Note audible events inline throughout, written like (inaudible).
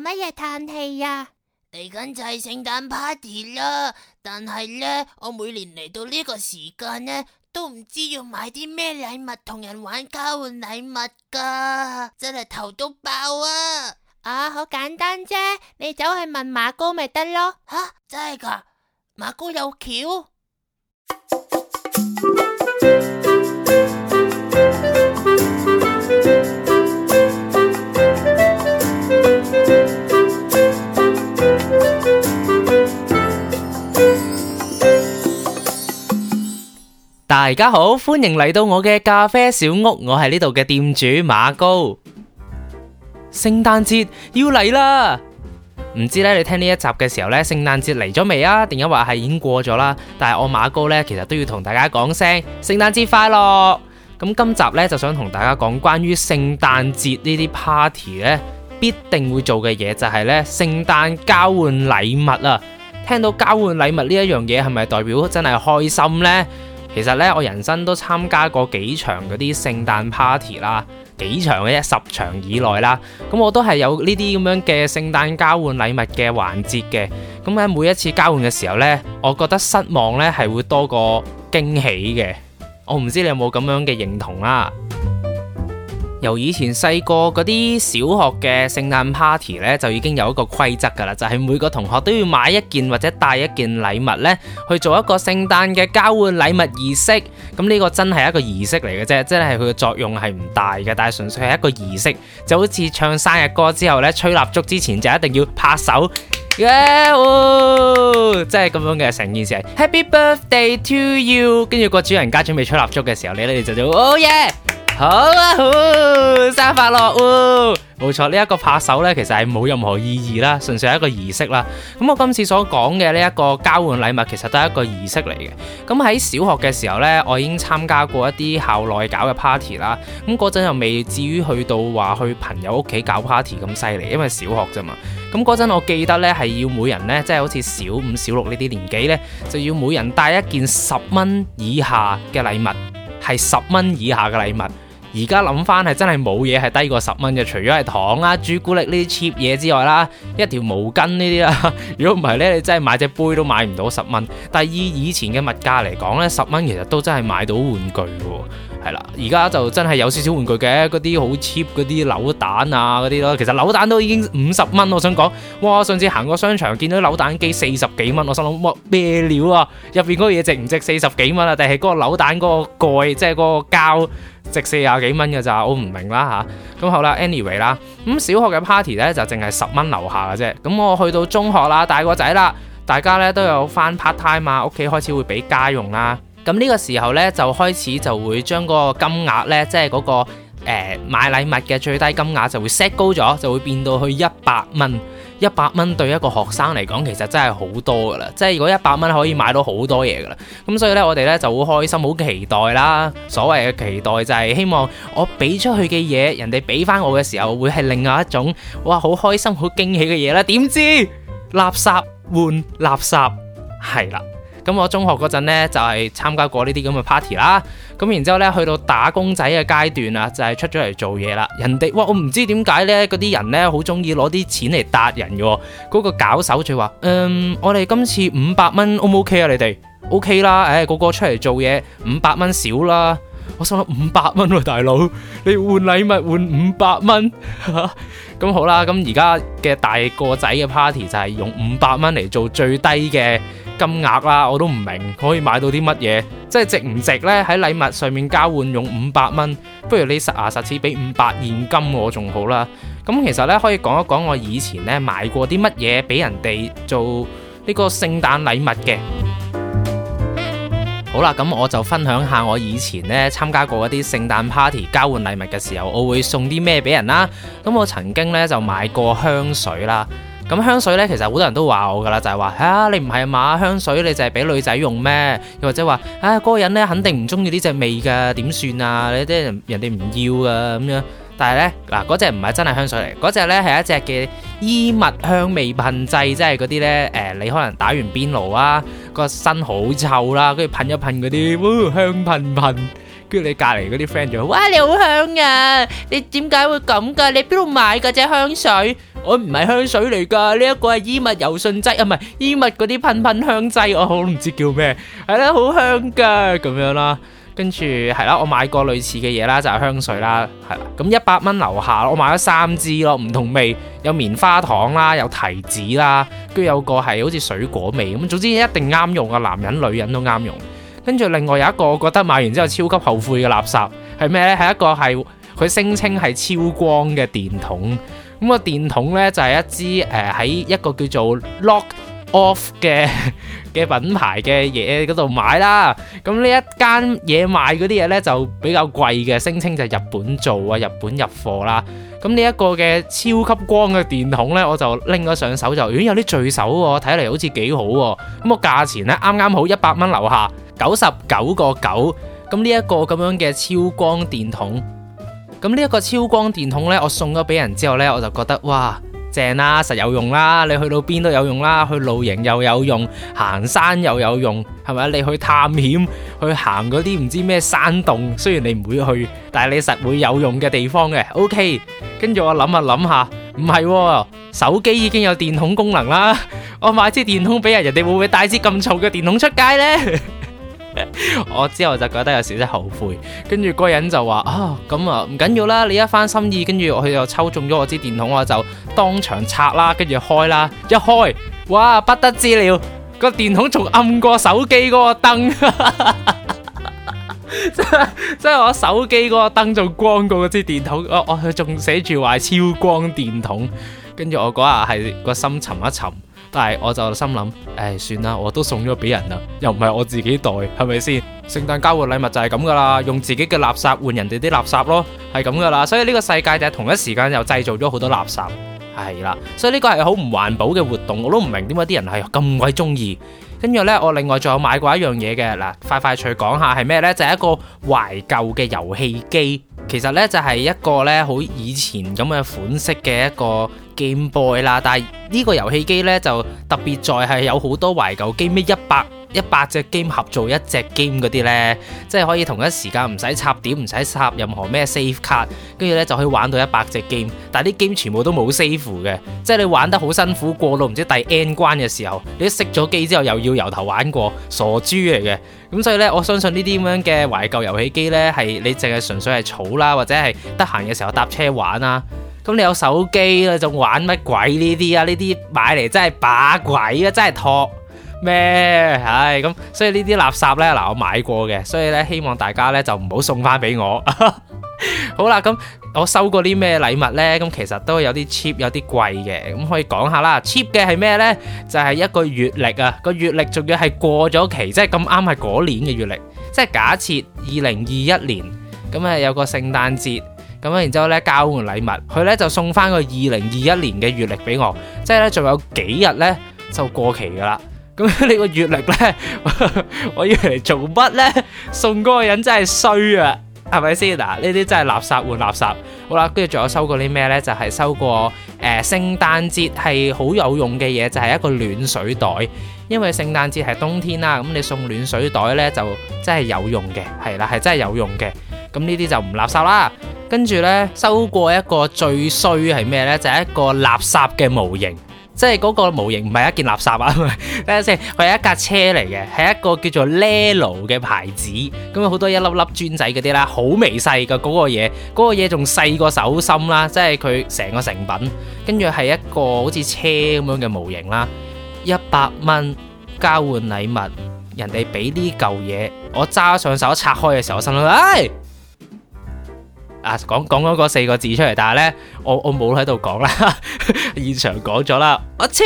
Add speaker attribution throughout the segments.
Speaker 1: 做乜嘢嘆氣呀？嚟緊、啊、就係聖誕 party 啦，但係呢，我每年嚟到呢個時間呢，都唔知要買啲咩禮物同人玩交換禮物噶，真係頭都爆啊！啊，好簡單啫，你走去問馬哥咪得咯吓？真係噶，馬哥有橋。大家好，歡迎嚟到我嘅咖啡小屋，我係呢度嘅店主馬高。聖誕節要嚟啦，唔知咧你聽呢一集嘅時候咧，聖誕節嚟咗未啊？定抑或係已經過咗啦？但係我馬高咧，其實都要同大家講聲聖誕節快樂。咁今集咧就想同大家講關於聖誕節呢啲 party 咧必定會做嘅嘢，就係咧聖誕交換禮物啊。聽到交換禮物呢一樣嘢，係咪代表真係開心呢？其實咧，我人生都參加過幾場嗰啲聖誕 party 啦，幾場嘅啫，十場以內啦。咁我都係有呢啲咁樣嘅聖誕交換禮物嘅環節嘅。咁喺每一次交換嘅時候呢，我覺得失望呢係會多過驚喜嘅。我唔知你有冇咁樣嘅認同啦、啊。由以前細個嗰啲小學嘅聖誕 party 呢，就已經有一個規則噶啦，就係、是、每個同學都要買一件或者帶一件禮物呢，去做一個聖誕嘅交換禮物儀式。咁、嗯、呢、這個真係一個儀式嚟嘅啫，即係佢嘅作用係唔大嘅，但係純粹係一個儀式，就好似唱生日歌之後呢，吹蠟燭之前就一定要拍手， (laughs) yeah, oh, 即係咁樣嘅成件事。Happy birthday to you，跟住個主人家準備吹蠟燭嘅時候你哋就做哦耶！Oh yeah! 好啊好，好沙發落冇錯，呢一個拍手呢，其實係冇任何意義啦，純粹係一個儀式啦。咁我今次所講嘅呢一個交換禮物，其實都係一個儀式嚟嘅。咁喺小學嘅時候呢，我已經參加過一啲校內搞嘅 party 啦。咁嗰陣又未至於去到話去朋友屋企搞 party 咁犀利，因為小學咋嘛。咁嗰陣我記得呢，係要每人呢，即係好似小五、小六呢啲年紀呢，就要每人帶一件十蚊以下嘅禮物，係十蚊以下嘅禮物。而家諗翻係真係冇嘢係低過十蚊嘅，除咗係糖啦、啊、朱古力呢啲 cheap 嘢之外啦，一條毛巾呢啲啦。如果唔係呢，你真係買隻杯都買唔到十蚊。但係以以前嘅物價嚟講呢，十蚊其實都真係買到玩具嘅，哦、係啦。而家就真係有少少玩具嘅，嗰啲好 cheap 嗰啲扭蛋啊，嗰啲咯，其實扭蛋都已經五十蚊。我想講，哇，上次行過商場見到扭蛋機四十幾蚊，我心諗哇咩料啊，入邊嗰嘢值唔值四十幾蚊啊？定係嗰個扭蛋嗰個蓋，即係嗰個膠？值四廿幾蚊嘅咋，我唔明啦嚇。咁、啊、好啦，anyway 啦，咁小學嘅 party 咧就淨係十蚊樓下嘅啫。咁我去到中學啦，大個仔啦，大家咧都有返 part time 啊，屋企開始會俾家用啦、啊。咁呢個時候咧就開始就會將嗰個金額咧，即係嗰個誒、呃、買禮物嘅最低金額就會 set 高咗，就會變到去一百蚊。一百蚊對一個學生嚟講，其實真係好多㗎啦！即係如果一百蚊可以買到好多嘢㗎啦，咁所以呢，我哋呢就好開心，好期待啦。所謂嘅期待就係希望我俾出去嘅嘢，人哋俾翻我嘅時候，會係另外一種哇，好開心、好驚喜嘅嘢啦。點知垃圾換垃圾，係啦。咁我中學嗰陣呢，就係、是、參加過呢啲咁嘅 party 啦，咁然之後呢去到打工仔嘅階段啊，就係、是、出咗嚟做嘢啦。人哋哇，我唔知點解呢嗰啲人呢，好中意攞啲錢嚟搭人嘅、哦。嗰，那個搞手就話，嗯，我哋今次五百蚊 O 唔 O K 啊？你哋 O K 啦，誒、哎，個，個出嚟做嘢五百蚊少啦。我收咗五百蚊，大佬，你換禮物換五百蚊，咁 (laughs) 好啦。咁而家嘅大個仔嘅 party 就係用五百蚊嚟做最低嘅。金額啦、啊，我都唔明，可以買到啲乜嘢？即係值唔值呢？喺禮物上面交換用五百蚊，不如你實牙實齒俾五百現金我仲好啦。咁其實呢，可以講一講我以前呢買過啲乜嘢俾人哋做呢個聖誕禮物嘅。好啦，咁我就分享下我以前呢參加過一啲聖誕 party 交換禮物嘅時候，我會送啲咩俾人啦、啊。咁我曾經呢就買過香水啦。咁香水咧，其實好多人都話我噶啦，就係話吓你唔係啊嘛，香水你就係俾女仔用咩？又或者話啊嗰、嗰個人咧，肯定唔中意呢隻味噶，點算啊？你啲人人哋唔要噶、啊、咁樣。但係咧嗱，嗰隻唔係真係香水嚟，嗰隻咧係一隻嘅衣物香味噴劑，即係嗰啲咧誒，你可能打完邊爐啊，個身好臭啦、啊，跟住噴一噴嗰啲、哦，香噴噴！跟住你隔籬嗰啲 friend 就哇，你好香啊！你點解會咁噶？你邊度買噶隻香水？我唔係香水嚟噶，呢一個係衣物柔順劑啊，唔係衣物嗰啲噴噴香劑，我好唔知叫咩，係啦，好香噶咁樣啦。跟住係啦，我買過類似嘅嘢啦，就係香水啦，係啦。咁一百蚊樓下，我買咗三支咯，唔同味，有棉花糖啦，有提子啦，跟住有個係好似水果味咁。總之一定啱用啊，男人女人都啱用。跟住另外有一個我覺得買完之後超級後悔嘅垃圾係咩呢？係一個係佢聲稱係超光嘅電筒。咁、那、啊、個、電筒呢，就係、是、一支誒喺一個叫做 Lock Off 嘅嘅 (laughs) 品牌嘅嘢嗰度買啦。咁呢一間嘢賣嗰啲嘢呢，就比較貴嘅，聲稱就日本做啊，日本入貨啦。咁呢一個嘅超級光嘅電筒呢，我就拎咗上手就，咦、呃，有啲墜手喎、哦，睇嚟好似幾好喎、哦。咁、那個價錢呢，啱啱好一百蚊樓下。九十九個九，咁呢一個咁樣嘅超光電筒，咁呢一個超光電筒呢，我送咗俾人之後呢，我就覺得哇，正啦，啊，實有用啦，你去到邊都有用啦，去露營又有用，行山又有用，係咪？你去探險，去行嗰啲唔知咩山洞，雖然你唔會去，但係你實會有用嘅地方嘅。OK，跟住我諗下諗下，唔係，哦，手機已經有電筒功能啦，我買支電筒俾人，人哋會唔會帶支咁重嘅電筒出街呢？ (laughs) 我之後就覺得有少少後悔，跟住嗰人就話，啊咁啊唔緊要啦，你一番心意，跟住我佢又抽中咗我支電筒，我就當場拆啦，跟住開啦，一開哇不得之了，個電筒仲暗過手機嗰個燈，即 (laughs) 係我手機嗰個燈仲光過嗰支電筒，我我仲寫住話超光電筒，跟住我嗰日係個心沉一沉。但係我就心諗，誒、哎，算啦，我都送咗俾人啦，又唔係我自己袋，係咪先？聖誕交換禮物就係咁噶啦，用自己嘅垃圾換人哋啲垃圾咯，係咁噶啦。所以呢個世界就係同一時間又製造咗好多垃圾，係啦。所以呢個係好唔環保嘅活動，我都唔明點解啲人係咁鬼中意。跟住呢，我另外仲有買過一樣嘢嘅嗱，快快脆講下係咩呢？就係、是、一個懷舊嘅遊戲機。其實呢，就係、是、一個呢好以前咁嘅款式嘅一個 Game Boy 啦，但係呢個遊戲機呢，就特別在係有好多懷舊機咩一百。一百隻 game 合做一隻 game 嗰啲呢，即係可以同一時間唔使插點，唔使插任何咩 save card，跟住呢就可以玩到一百隻 game。但係啲 game 全部都冇 save 嘅，即係你玩得好辛苦，過到唔知第 n 關嘅時候，你一熄咗機之後又要由頭玩過，傻豬嚟嘅。咁所以呢，我相信呢啲咁樣嘅懷舊遊戲機呢，係你淨係純粹係草啦，或者係得閒嘅時候搭車玩啊。咁你有手機啦，仲玩乜鬼呢啲啊？呢啲買嚟真係把鬼啊，真係托。咩？唉，咁所以呢啲垃圾呢，嗱，我買過嘅，所以呢，希望大家呢就唔好送翻俾我。好啦，咁我收過啲咩禮物呢？咁其實都有啲 cheap，有啲貴嘅，咁可以講下啦。cheap 嘅係咩呢？就係一個月曆啊，個月曆仲要係過咗期，即係咁啱係嗰年嘅月曆，即係假設二零二一年咁啊，有個聖誕節咁啊，然之後呢交換禮物，佢呢就送翻個二零二一年嘅月曆俾我，即係呢，仲有幾日呢就過期噶啦。咁呢 (laughs) 個閲歷呢， (laughs) 我以為嚟做乜呢，送嗰個人真係衰啊，係咪先？嗱，呢啲真係垃圾換垃圾。好啦，跟住仲有收過啲咩呢？就係、是、收過誒、呃、聖誕節係好有用嘅嘢，就係、是、一個暖水袋，因為聖誕節係冬天啦，咁你送暖水袋呢，就真係有用嘅，係啦，係真係有用嘅。咁呢啲就唔垃圾啦。跟住呢，收過一個最衰係咩呢？就係、是、一個垃圾嘅模型。即係嗰個模型唔係一件垃圾啊！ (laughs) 等下先，佢係一架車嚟嘅，係一個叫做 Lele 嘅牌子。咁有好多一粒粒磚仔嗰啲啦，好微細噶嗰、嗰個嘢，嗰、嗰個嘢仲細過手心啦！即係佢成個成品，跟住係一個好似車咁樣嘅模型啦。一百蚊交換禮物，人哋俾呢嚿嘢，我揸上手拆開嘅時候，我心諗，哎～啊，講講嗰四個字出嚟，但係咧，我我冇喺度講啦， (laughs) 現場講咗啦，我黐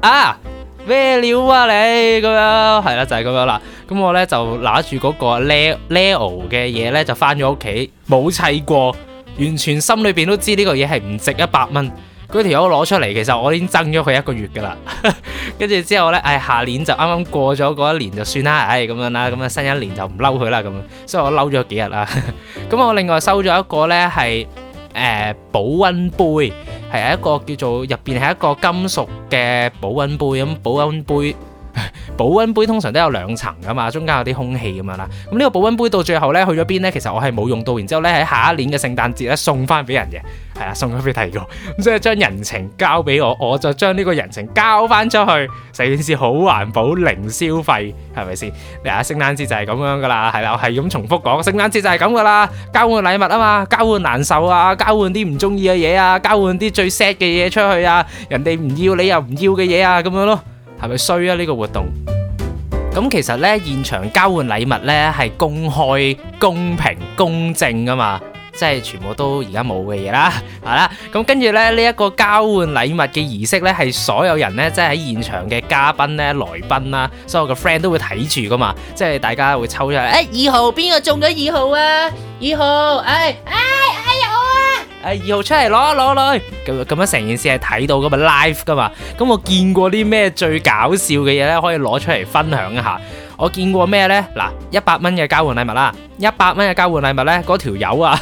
Speaker 1: 啊咩料啊你咁樣，係啦就係咁樣啦，咁我咧就拿住嗰個 Leo, Leo Leo 嘅嘢咧就翻咗屋企，冇砌過，完全心裏邊都知呢個嘢係唔值一百蚊。嗰條友攞出嚟，其實我已經憎咗佢一個月㗎啦。跟住之後呢，唉、哎，下年就啱啱過咗嗰一年就算啦。唉、哎，咁樣啦，咁啊新一年就唔嬲佢啦咁。所以我嬲咗佢幾日啦。咁我另外收咗一個呢，係誒、呃、保溫杯，係一個叫做入邊係一個金屬嘅保溫杯咁保溫杯。保溫杯通常都有兩層噶嘛，中間有啲空氣咁樣啦。咁呢個保溫杯到最後咧去咗邊咧？其實我係冇用到，然之後咧喺下一年嘅聖誕節咧送翻俾人嘅，係啊，送咗俾第二個，即係將人情交俾我，我就將呢個人情交翻出去，成件事好環保，零消費，係咪先？你睇下聖誕節就係咁樣噶啦，係啦，我係咁重複講，聖誕節就係咁噶啦，交換禮物啊嘛，交換難受啊，交換啲唔中意嘅嘢啊，交換啲最 sad 嘅嘢出去啊，人哋唔要你又唔要嘅嘢啊，咁樣咯。係咪衰啊？呢個活動，咁其實呢，現場交換禮物呢係公開、公平、公正噶嘛，即係全部都而家冇嘅嘢啦，係啦。咁跟住呢，呢、呢、一個交換禮物嘅儀式呢，係所有人呢，即係喺現場嘅嘉賓呢，來賓啦、啊，所有嘅 friend 都會睇住噶嘛，即係大家會抽出嚟，誒、哎，二號，邊個中咗二號啊？二號，誒、哎、啊！哎誒，二號出嚟攞攞來拿一拿一拿一拿，咁咁樣成件事係睇到咁啊 live 噶嘛，咁我見過啲咩最搞笑嘅嘢咧？可以攞出嚟分享一下。我見過咩咧？嗱，一百蚊嘅交換禮物啦、啊，一百蚊嘅交換禮物咧，嗰條友啊，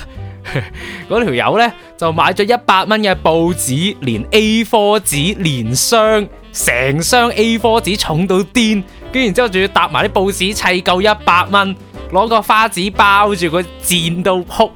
Speaker 1: 嗰條友咧就買咗一百蚊嘅報紙，連 A4 紙連箱，成箱 A4 紙重到癲，跟然之後仲要搭埋啲報紙砌夠一百蚊，攞個花紙包住佢，賤到仆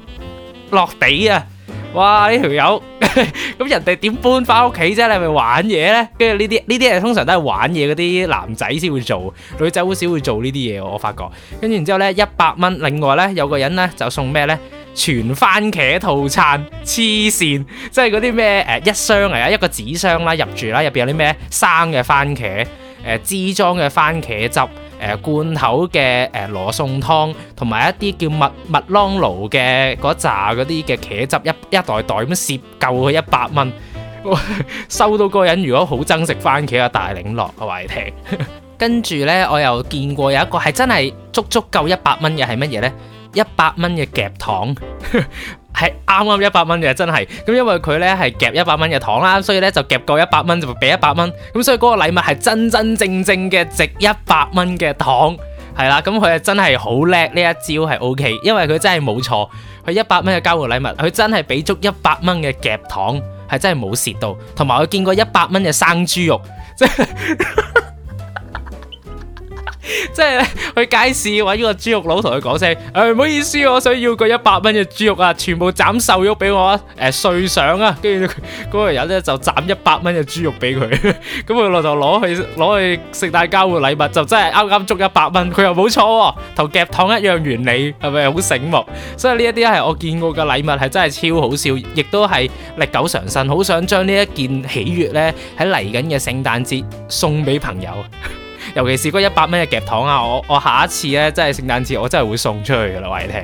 Speaker 1: 落地啊！哇！呢條友咁人哋點 (laughs) 搬翻屋企啫？你係咪玩嘢呢？跟住呢啲呢啲嘢通常都係玩嘢嗰啲男仔先會做，女仔好少會做呢啲嘢，我發覺。跟住然之後呢，一百蚊另外呢，有個人呢就送咩呢？全番茄套餐，黐線，即係嗰啲咩誒一箱嚟啊，一個紙箱啦，入住啦，入邊有啲咩生嘅番茄誒，支裝嘅番茄汁。誒、呃、罐頭嘅誒羅宋湯，同埋一啲叫麥麥當勞嘅嗰扎嗰啲嘅茄汁，一一袋袋咁攝夠佢一百蚊。 (laughs) 收到嗰個人如果好憎食番茄呀，大檸樂，我話你聽。 (laughs) 跟住呢，我又見過有一個係真係足足夠一百蚊嘅係乜嘢呢？一百蚊嘅夾糖。 (laughs) 係啱啱一百蚊嘅，真係咁，因為佢呢係夾一百蚊嘅糖啦，所以呢就夾夠一百蚊就俾一百蚊，咁所以嗰個禮物係真真正正嘅值一百蚊嘅糖，係啦，咁佢係真係好叻呢一招係 OK，因為佢真係冇錯，佢一百蚊嘅交換禮物，佢真係俾足一百蚊嘅夾糖，係真係冇蝕到，同埋我見過一百蚊嘅生豬肉，即係。即係去街市揾呢個豬肉佬，同佢講聲：誒、哎，唔好意思，我想要個一百蚊嘅豬肉啊，全部斬瘦肉俾我，誒、呃、碎上啊！跟住嗰個人咧就斬一百蚊嘅豬肉俾佢，咁佢老豆攞去攞去聖誕交換禮物，就真係啱啱足一百蚊，佢又冇錯，同夾糖一樣原理，係咪好醒目？所以呢一啲係我見過嘅禮物，係真係超好笑，亦都係歷久常新。好想將呢一件喜悅呢，喺嚟緊嘅聖誕節送俾朋友。尤其是嗰一百蚊嘅夾糖啊，我我下一次咧，真係聖誕節我真係會送出去噶啦，話你聽。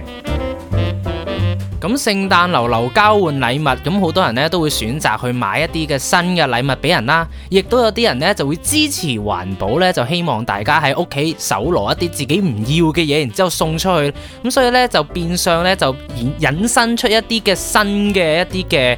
Speaker 1: 咁聖誕流流交換禮物，咁好多人呢都會選擇去買一啲嘅新嘅禮物俾人啦，亦都有啲人呢就會支持環保呢，就希望大家喺屋企搜羅一啲自己唔要嘅嘢，然之後送出去，咁所以呢，就變相呢，就引引申出一啲嘅新嘅一啲嘅。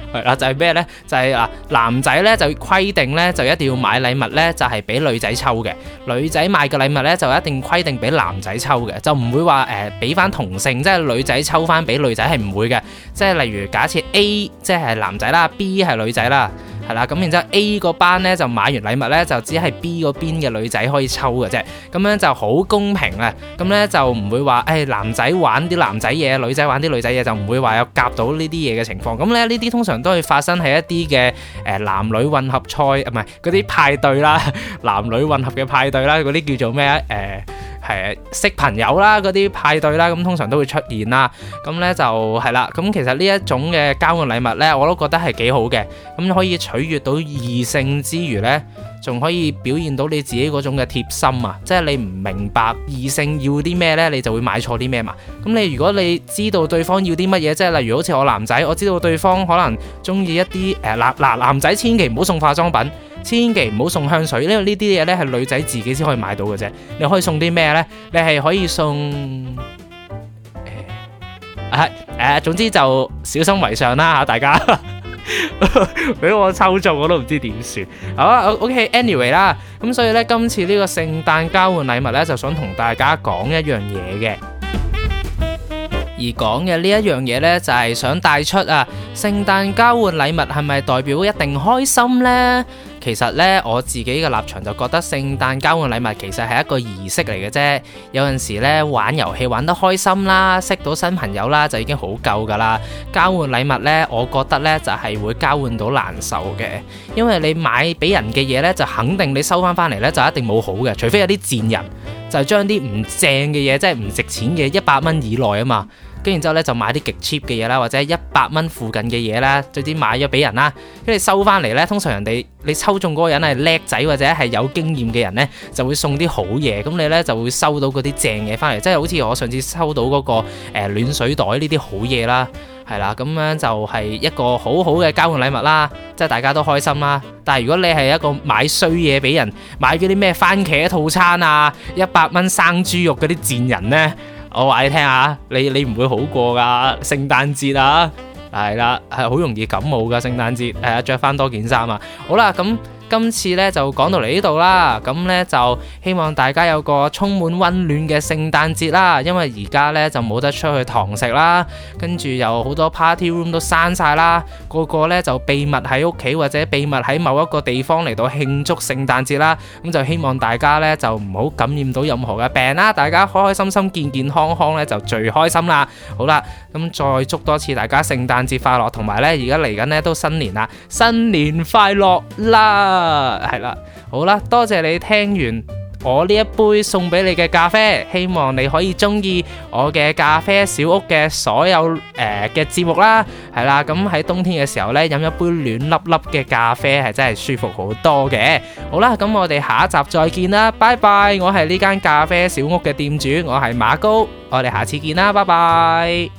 Speaker 1: 係啦，就係咩呢？就係啊，男仔呢，就規定呢，就一定要買禮物呢，就係俾女仔抽嘅。女仔買個禮物呢，就一定規定俾男仔抽嘅，就唔會話誒俾翻同性，即係女仔抽翻俾女仔係唔會嘅。即係例如假設 A 即係男仔啦，B 係女仔啦。係啦，咁然之後 A 嗰班咧就買完禮物咧，就只係 B 嗰邊嘅女仔可以抽嘅啫，咁樣就好公平啊！咁咧就唔會話，誒、哎、男仔玩啲男仔嘢，女仔玩啲女仔嘢，就唔會話有夾到呢啲嘢嘅情況。咁咧呢啲通常都會發生喺一啲嘅誒男女混合賽啊，唔係嗰啲派對啦，男女混合嘅派對啦，嗰啲叫做咩啊？誒、呃。誒，識朋友啦，嗰啲派對啦，咁通常都會出現啦。咁呢就係啦。咁其實呢一種嘅交換禮物呢，我都覺得係幾好嘅。咁可以取悅到異性之餘呢，仲可以表現到你自己嗰種嘅貼心啊！即係你唔明白異性要啲咩呢，你就會買錯啲咩嘛。咁你如果你知道對方要啲乜嘢，即係例如好似我男仔，我知道對方可能中意一啲誒，嗱、呃、男仔千祈唔好送化妝品。千祈唔好送香水，因為呢啲嘢呢係女仔自己先可以買到嘅啫。你可以送啲咩呢？你係可以送誒啊誒，總之就小心為上啦吓，大家俾我抽中我都唔知點算。好啦，OK，Anyway 啦。咁所以呢，今次呢個聖誕交換禮物呢，就想同大家講一樣嘢嘅。而講嘅呢一樣嘢呢，就係想帶出啊，聖誕交換禮物係咪代表一定開心呢？其實呢我自己嘅立場就覺得聖誕交換禮物其實係一個儀式嚟嘅啫。有陣時呢，玩遊戲玩得開心啦，識到新朋友啦，就已經好夠噶啦。交換禮物呢，我覺得呢，就係會交換到難受嘅，因為你買俾人嘅嘢呢，就肯定你收翻返嚟呢，就一定冇好嘅，除非有啲賤人就將啲唔正嘅嘢，即係唔值錢嘅一百蚊以內啊嘛。跟然之後咧，就買啲極 cheap 嘅嘢啦，或者一百蚊附近嘅嘢啦，最啲買咗俾人啦，跟住收翻嚟呢，通常人哋你抽中嗰個人係叻仔或者係有經驗嘅人呢，就會送啲好嘢，咁你呢，就會收到嗰啲正嘢翻嚟，即係好似我上次收到嗰個、呃、暖水袋呢啲好嘢啦，係啦，咁樣就係一個好好嘅交換禮物啦，即係大家都開心啦。但係如果你係一個買衰嘢俾人，買嗰啲咩番茄套餐啊、一百蚊生豬肉嗰啲賤人呢。我話你聽下，你你唔會好過㗎，聖誕節啊，係啦，係好容易感冒㗎，聖誕節，係啊，着返多件衫啊，好啦，咁。今次咧就講到嚟呢度啦，咁、嗯、呢就希望大家有個充滿溫暖嘅聖誕節啦，因為而家呢就冇得出去堂食啦，跟住又好多 party room 都閂晒啦，個個呢就秘密喺屋企或者秘密喺某一個地方嚟到慶祝聖誕節啦，咁、嗯、就希望大家呢就唔好感染到任何嘅病啦，大家開開心心、健健康康呢就最開心啦。好啦，咁、嗯、再祝多次大家聖誕節快樂，同埋呢而家嚟緊呢都新年啦，新年快樂啦！啊，係啦，好啦，多謝你聽完我呢一杯送俾你嘅咖啡，希望你可以中意我嘅咖啡小屋嘅所有誒嘅節目啦，係啦，咁喺冬天嘅時候呢，飲一杯暖粒粒嘅咖啡係真係舒服好多嘅。好啦，咁我哋下一集再見啦，拜拜。我係呢間咖啡小屋嘅店主，我係馬高，我哋下次見啦，拜拜。